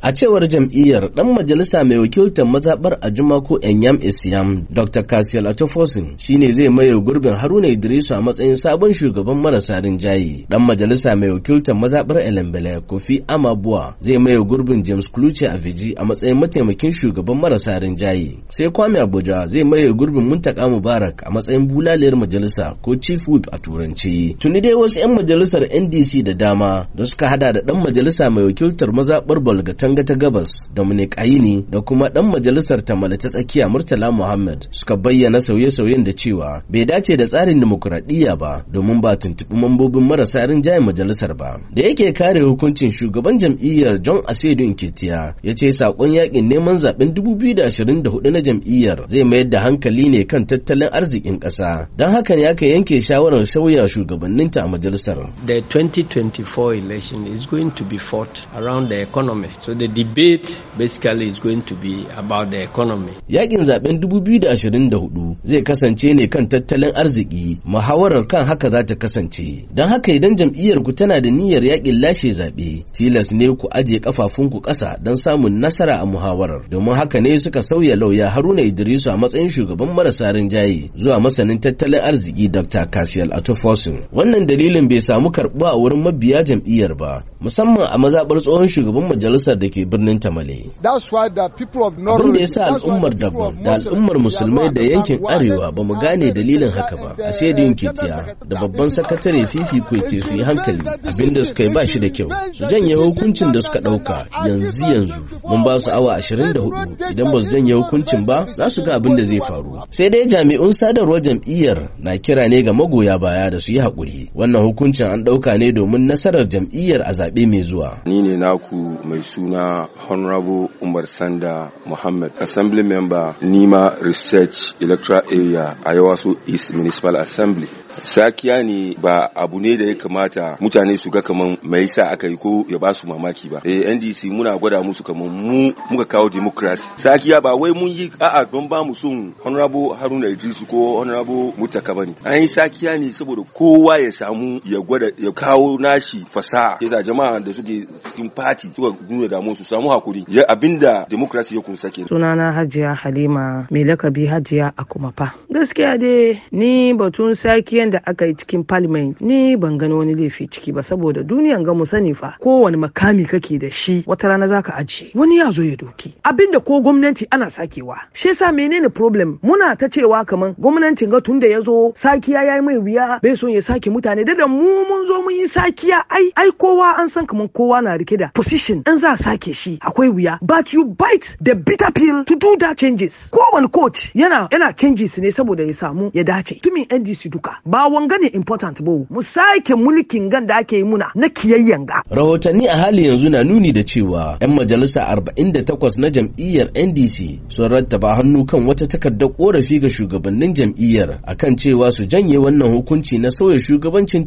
A cewar jam'iyyar ɗan majalisa mai wakiltar mazaɓar a ko Enyam Isiyam, Dr. Kasiel Atofosin shi ne zai maye gurbin Haruna Idrisu a matsayin sabon shugaban marasa rinjaye. Ɗan majalisa mai wakiltar mazaɓar Elembele Kofi Amabuwa zai maye gurbin James Kluche a Fiji a matsayin mataimakin shugaban marasa rinjaye. Sai Kwame Abuja zai maye gurbin Muntaka Mubarak a matsayin bulaliyar majalisa ko Chief Whip a Turanci. Tuni dai wasu 'yan majalisar NDC da dama da suka hada da ɗan majalisa mai wakiltar mazaɓar Bolgatan Katanga ta Gabas Dominic Aini da kuma dan majalisar Tamale ta Tsakiya Murtala Muhammad suka bayyana sauye-sauyen da cewa bai dace da tsarin dimokuraɗiyya ba domin ba tuntubi mambobin marasa rinjayen majalisar ba. Da yake kare hukuncin shugaban jam'iyyar John Asedu Nketiya ya ce sakon yaƙin neman zaben 2024 na jam'iyyar zai mayar da hankali ne kan tattalin arzikin ƙasa. Don haka ya kai yanke shawarar sauya shugabanninta a majalisar. The 2024 election is going to be fought around the economy. So the debate basically is going to be about the economy. Yakin zaben 2024 zai kasance ne kan tattalin arziki, muhawarar kan haka za ta kasance. Don haka idan jam'iyyar ku tana da niyyar yakin lashe zaɓe, tilas ne ku aje kafafunku ƙasa don samun nasara a muhawarar. Domin haka ne suka sauya lauya Haruna Idrisu a matsayin shugaban marasa rinjaye zuwa masanin tattalin arziki Dr. Kasiel Atofosin. Wannan dalilin bai samu karɓuwa a wurin mabiya jam'iyyar ba, musamman a mazaɓar tsohon shugaban majalisar da da ke birnin Tamale. Abin da ya sa al'ummar dabam da al'ummar musulmai da yankin Arewa ba mu gane dalilin haka ba a yin kitiya da babban sakatare fifi ke su yi hankali abin da suka yi ba shi da kyau su janye hukuncin da suka ɗauka yanzu yanzu mun ba su awa hudu idan ba su janye hukuncin ba za su ga abin da zai faru sai dai jami'un sadarwar jam'iyyar na kira ne ga magoya baya da su yi haƙuri wannan hukuncin an ɗauka ne domin nasarar jam'iyyar a zaɓe mai zuwa ni ne naku mai suna na Honorable Umar Sanda Muhammad, Assembly Member Nima Research Electoral Area, Ayawaso East Municipal Assembly. sakiya ne ba abu ne da ya kamata mutane su ga kaman mai sa aka yi ko ya ba su mamaki ba eh NDC muna gwada musu kaman mu muka kawo democracy sakiya ba wai mun yi a'a don ba mu son honorable Haruna Idrisu ko honorable Mutaka bane an yi sakiya ne saboda kowa ya samu ya gwada ya kawo nashi fasaha yasa jama'a da suke cikin party suka nuna damu su samu hakuri ya abinda democracy ya kunsa ke sunana Hajiya Halima mai lakabi Hajiya Akumafa gaskiya dai ni batun sakiya zaben da aka yi cikin parliament ni ban gani wani laifi ciki ba saboda duniyan ga mu sani fa kowane makami kake da shi wata rana zaka ajiye wani ya zo ya doki abinda ko gwamnati ana sakewa shi yasa menene problem muna ta cewa kaman gwamnatin ga da ya zo sakiya yayi mai wuya bai son ya sake mutane da mu mun zo mun yi sakiya ai ai kowa an san kaman kowa na rike da position in za sake shi akwai wuya but you bite the bitter pill to do that changes kowane coach yana yana changes ne saboda ya samu ya dace tumi NDC duka ba ba wanga ne important ba mu sake mulkin gan da ake yi muna na kiyayyen ga rahotanni a hali yanzu na nuni da cewa yan majalisa 48 na jam'iyyar NDC sun rattaba hannu kan wata takardar korafi ga shugabannin jam'iyyar akan cewa su janye wannan hukunci na sauya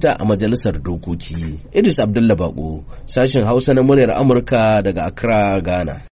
ta a majalisar dokoki Idris Abdullahi Bako sashen Hausa na muryar Amurka daga Accra Ghana